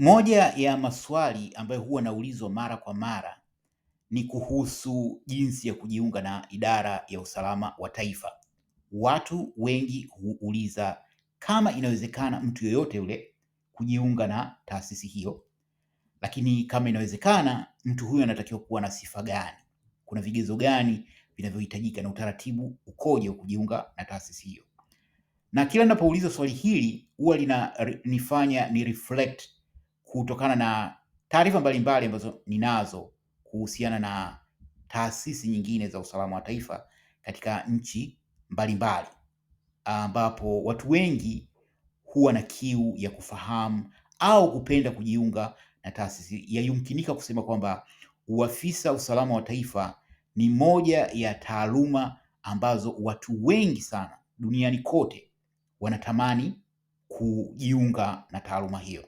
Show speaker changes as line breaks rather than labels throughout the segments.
Moja ya maswali ambayo huwa naulizwa mara kwa mara ni kuhusu jinsi ya kujiunga na idara ya usalama wa taifa. Watu wengi huuliza kama inawezekana mtu yoyote yule kujiunga na taasisi hiyo, lakini kama inawezekana, mtu huyo anatakiwa kuwa na sifa gani? Kuna vigezo gani vinavyohitajika na utaratibu ukoje wa kujiunga na taasisi hiyo? Na kila ninapouliza swali hili huwa linanifanya ni reflect kutokana na taarifa mbalimbali ambazo ninazo kuhusiana na taasisi nyingine za usalama wa taifa katika nchi mbalimbali, ambapo watu wengi huwa na kiu ya kufahamu au kupenda kujiunga na taasisi. Yayumkinika kusema kwamba uafisa usalama wa taifa ni moja ya taaluma ambazo watu wengi sana duniani kote wanatamani kujiunga na taaluma hiyo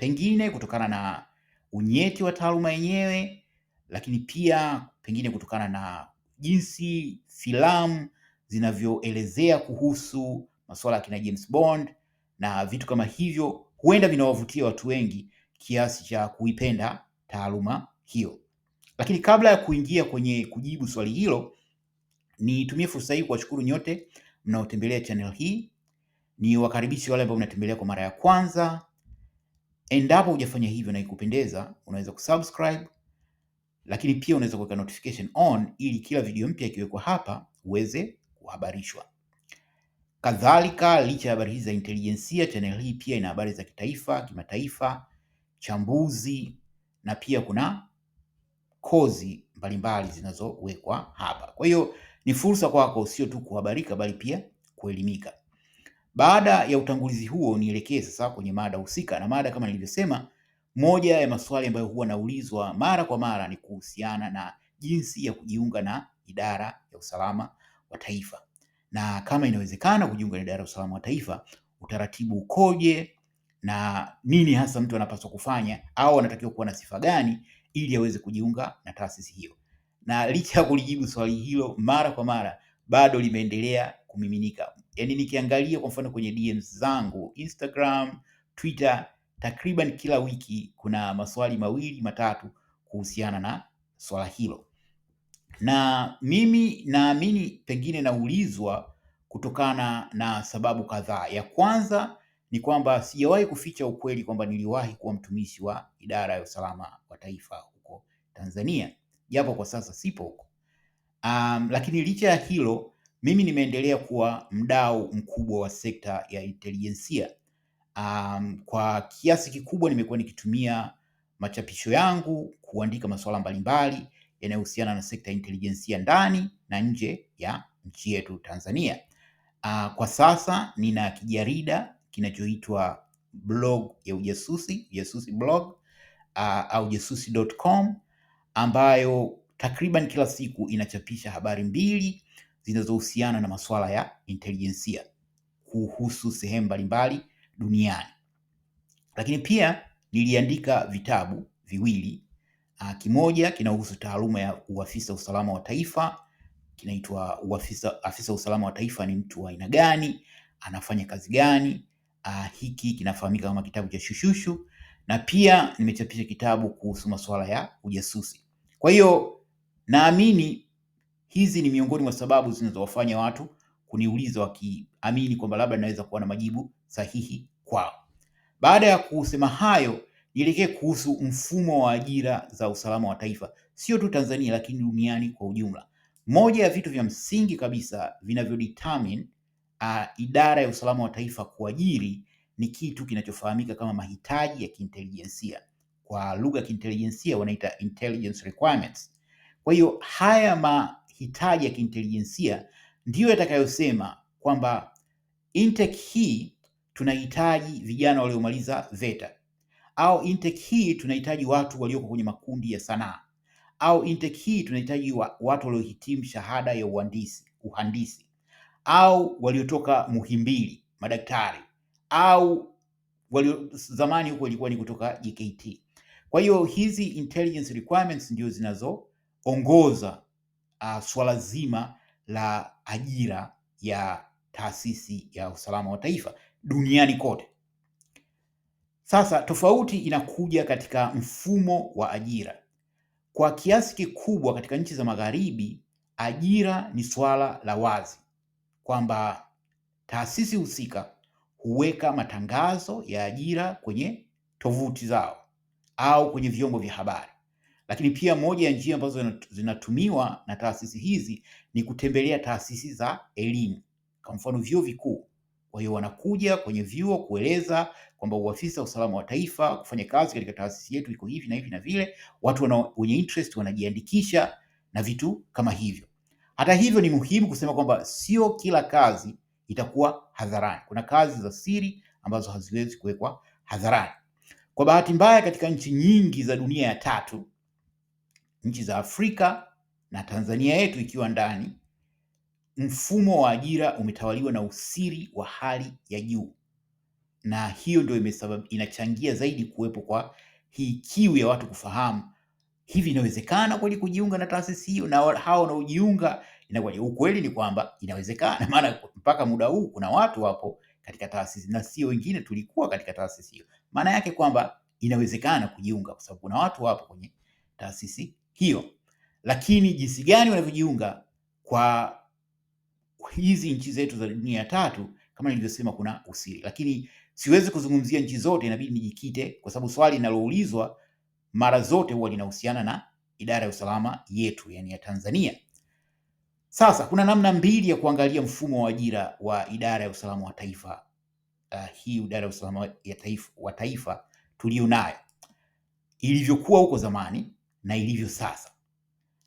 pengine kutokana na unyeti wa taaluma yenyewe, lakini pia pengine kutokana na jinsi filamu zinavyoelezea kuhusu masuala ya kina James Bond na vitu kama hivyo, huenda vinawavutia watu wengi kiasi cha kuipenda taaluma hiyo. Lakini kabla ya kuingia kwenye kujibu swali hilo, nitumie fursa hii kuwashukuru nyote mnaotembelea channel hii, ni wakaribishi wale ambao mnatembelea kwa mara ya kwanza Endapo hujafanya hivyo na ikupendeza, unaweza kusubscribe, lakini pia unaweza kuweka notification on ili kila video mpya ikiwekwa hapa uweze kuhabarishwa. Kadhalika, licha ya habari hizi za intelijensia, channel hii pia ina habari za kitaifa, kimataifa, chambuzi na pia kuna kozi mbalimbali zinazowekwa hapa. Kwa hiyo ni fursa kwako sio tu kuhabarika, bali pia kuelimika. Baada ya utangulizi huo, nielekee sasa kwenye mada husika, na mada kama nilivyosema, moja ya maswali ambayo huwa naulizwa mara kwa mara ni kuhusiana na jinsi ya kujiunga na idara ya usalama wa taifa, na kama inawezekana kujiunga na idara ya usalama wa taifa, utaratibu ukoje na nini hasa mtu anapaswa kufanya au anatakiwa kuwa na sifa gani ili aweze kujiunga na taasisi hiyo. Na licha ya kulijibu swali hilo mara kwa mara, bado limeendelea kumiminika yaani nikiangalia kwa mfano kwenye DM zangu Instagram, Twitter, takriban kila wiki kuna maswali mawili matatu kuhusiana na swala hilo, na mimi naamini pengine naulizwa kutokana na sababu kadhaa. Ya kwanza ni kwamba sijawahi kuficha ukweli kwamba niliwahi kuwa mtumishi wa idara ya usalama wa taifa huko Tanzania, japo kwa sasa sipo huko. Um, lakini licha ya hilo mimi nimeendelea kuwa mdau mkubwa wa sekta ya intelijensia. Um, kwa kiasi kikubwa nimekuwa nikitumia machapisho yangu kuandika masuala mbalimbali yanayohusiana na sekta ya intelijensia ndani na nje ya nchi yetu Tanzania. Uh, kwa sasa nina kijarida kinachoitwa blog ya ujasusi, ujasusi Blog uh, au jasusi.com ambayo takriban kila siku inachapisha habari mbili zinazohusiana na masuala ya intelijensia kuhusu sehemu mbalimbali duniani. Lakini pia niliandika vitabu viwili uh, kimoja kinahusu taaluma ya uafisa usalama wa taifa kinaitwa uafisa, afisa usalama wa taifa ni mtu wa aina gani, anafanya kazi gani? Uh, hiki kinafahamika kama kitabu cha Shushushu, na pia nimechapisha kitabu kuhusu masuala ya ujasusi. Kwa hiyo naamini Hizi ni miongoni mwa sababu zinazowafanya watu kuniuliza wakiamini kwamba labda naweza kuwa na majibu sahihi kwao. Baada ya kusema hayo, nielekee kuhusu mfumo wa ajira za usalama wa taifa, sio tu Tanzania lakini duniani kwa ujumla. Moja ya vitu vya msingi kabisa vinavyodetermine uh, idara ya usalama wa taifa kuajiri ni kitu kinachofahamika kama mahitaji ya kiintelijensia, kwa lugha ya kiintelijensia wanaita intelligence requirements. Kwa hiyo haya ma hitaji ya kiintelijensia ndiyo yatakayosema kwamba intek hii tunahitaji vijana waliomaliza VETA au intek hii tunahitaji watu walioko kwenye makundi ya sanaa au intek hii tunahitaji wa, watu waliohitimu shahada ya uhandisi, uhandisi au waliotoka Muhimbili madaktari au walio zamani huko ilikuwa ni kutoka JKT. Kwa hiyo hizi intelligence requirements ndio zinazoongoza uh, swala zima la ajira ya taasisi ya usalama wa taifa duniani kote. Sasa tofauti inakuja katika mfumo wa ajira. Kwa kiasi kikubwa katika nchi za magharibi, ajira ni swala la wazi kwamba taasisi husika huweka matangazo ya ajira kwenye tovuti zao au kwenye vyombo vya habari. Lakini pia moja ya njia ambazo zinatumiwa na taasisi hizi ni kutembelea taasisi za elimu, kwa mfano vyuo vikuu. Kwa hiyo wanakuja kwenye vyuo kueleza kwamba uafisa usalama wa taifa kufanya kazi katika taasisi yetu iko hivi na hivi na vile, watu wenye interest wanajiandikisha na vitu kama hivyo. Hata hivyo, ni muhimu kusema kwamba sio kila kazi itakuwa hadharani. Kuna kazi za siri ambazo haziwezi kuwekwa hadharani. Kwa bahati mbaya, katika nchi nyingi za dunia ya tatu nchi za Afrika na Tanzania yetu ikiwa ndani, mfumo wa ajira umetawaliwa na usiri wa hali ya juu, na hiyo ndio inachangia zaidi kuwepo kwa hii kiu ya watu kufahamu hivi inawezekana kweli kujiunga na taasisi hiyo, na hao wanaojiunga inakuwa ukweli ni kwamba inawezekana, maana mpaka muda huu kuna watu wapo katika taasisi na sio wengine tulikuwa katika taasisi hiyo. Maana yake kwamba inawezekana kujiunga, kwa sababu kuna watu wapo kwenye taasisi hiyo, lakini jinsi gani wanavyojiunga kwa hizi nchi zetu za dunia ya tatu, kama nilivyosema, kuna usiri, lakini siwezi kuzungumzia nchi zote, inabidi nijikite, kwa sababu swali linaloulizwa mara zote huwa linahusiana na idara ya usalama yetu, yani ya Tanzania. Sasa kuna namna mbili ya kuangalia mfumo wa ajira wa idara ya usalama wa taifa uh, hii idara ya usalama ya taifa, wa taifa tulionayo ilivyokuwa huko zamani na ilivyo sasa,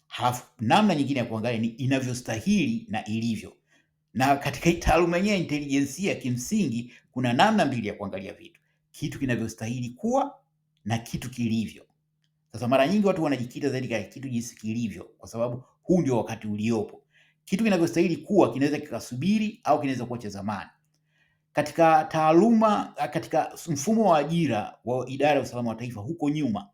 halafu namna nyingine ya kuangalia ni inavyostahili na ilivyo. Na katika taaluma yenyewe intelijensia, kimsingi kuna namna mbili ya kuangalia vitu, kitu kinavyostahili kuwa na kitu kilivyo. Sasa mara nyingi watu wanajikita zaidi katika kitu jinsi kilivyo, kwa sababu huu ndio wakati uliopo. Kitu kinavyostahili kuwa kinaweza kikasubiri au kinaweza kuwa cha zamani. Katika taaluma, katika mfumo wa ajira wa idara ya usalama wa taifa huko nyuma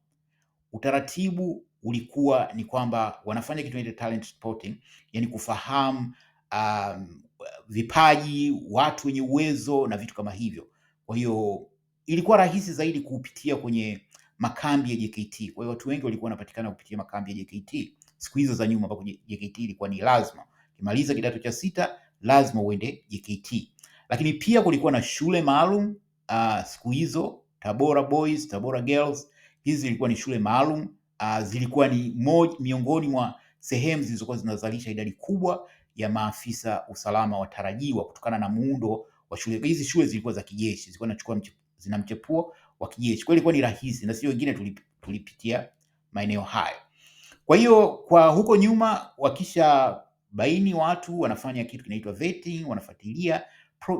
utaratibu ulikuwa ni kwamba wanafanya kitu inaitwa talent spotting, yani kufahamu um, vipaji, watu wenye uwezo na vitu kama hivyo. Kwa hiyo ilikuwa rahisi zaidi kupitia kwenye makambi ya JKT. Kwa hiyo watu wengi walikuwa wanapatikana kupitia makambi ya JKT siku hizo za nyuma, ambapo JKT ilikuwa ni lazima, kimaliza kidato cha sita lazima uende JKT. Lakini pia kulikuwa na shule maalum uh, siku hizo Tabora Boys, Tabora Girls Hizi zilikuwa ni shule maalum uh, zilikuwa ni moj, miongoni mwa sehemu zilizokuwa zinazalisha idadi kubwa ya maafisa usalama watarajiwa kutokana na muundo wa shule. Hizi shule zilikuwa za kijeshi, zilikuwa zinachukua zina mchepuo wa kijeshi, kwa ilikuwa ni rahisi na sio wengine tulip, tulipitia maeneo hayo. Kwa hiyo kwa huko nyuma wakisha baini watu wanafanya kitu kinaitwa vetting, wanafuatilia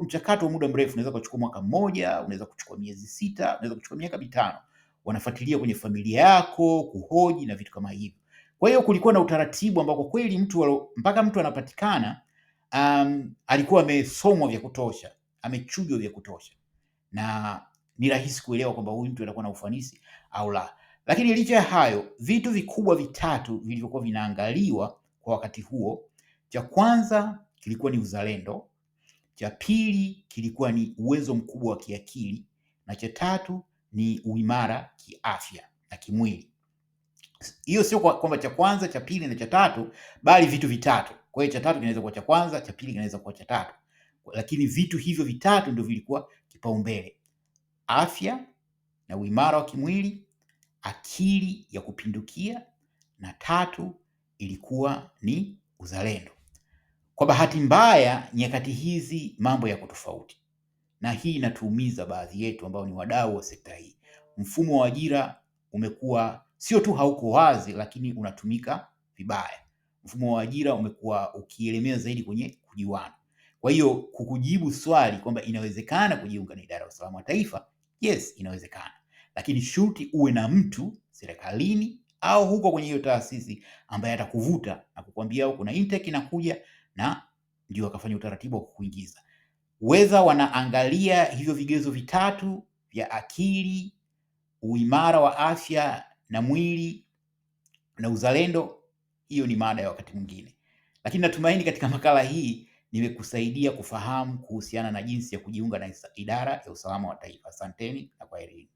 mchakato wa muda mrefu, unaweza kuchukua mwaka mmoja, unaweza kuchukua miezi sita, unaweza kuchukua miaka mitano wanafuatilia kwenye familia yako kuhoji na vitu kama hivyo. Kwa hiyo kulikuwa na utaratibu ambao kwa kweli mtu mpaka mtu anapatikana um, alikuwa amesomwa vya kutosha, amechujwa vya kutosha na ni rahisi kuelewa kwamba huyu mtu atakuwa na ufanisi au la. Lakini licha ya hayo, vitu vikubwa vitatu vilivyokuwa vinaangaliwa kwa wakati huo, cha kwanza kilikuwa ni uzalendo, cha pili kilikuwa ni uwezo mkubwa wa kiakili na cha tatu ni uimara kiafya na kimwili. Hiyo sio kwamba cha kwanza, cha pili na cha tatu, bali vitu vitatu. Kwa hiyo cha tatu kinaweza kuwa cha kwanza, cha pili kinaweza kuwa cha tatu, lakini vitu hivyo vitatu ndio vilikuwa kipaumbele: afya na uimara wa kimwili, akili ya kupindukia, na tatu ilikuwa ni uzalendo. Kwa bahati mbaya, nyakati hizi mambo yako tofauti na hii inatuumiza baadhi yetu ambao ni wadau wa sekta hii. Mfumo wa ajira umekuwa sio tu hauko wazi, lakini unatumika vibaya. Mfumo wa ajira umekuwa ukielemea zaidi kwenye kujiwana. Kwa hiyo kukujibu swali kwamba inawezekana kujiunga na idara ya usalama wa taifa, yes, inawezekana, lakini shuti uwe na mtu serikalini au huko kwenye hiyo taasisi ambaye atakuvuta na kukwambia kuna intake inakuja na ndio akafanya utaratibu wa kukuingiza weza wanaangalia hivyo vigezo vitatu vya akili, uimara wa afya na mwili na uzalendo. Hiyo ni mada ya wakati mwingine, lakini natumaini katika makala hii nimekusaidia kufahamu kuhusiana na jinsi ya kujiunga na idara ya usalama wa taifa. Asanteni na kwaheri.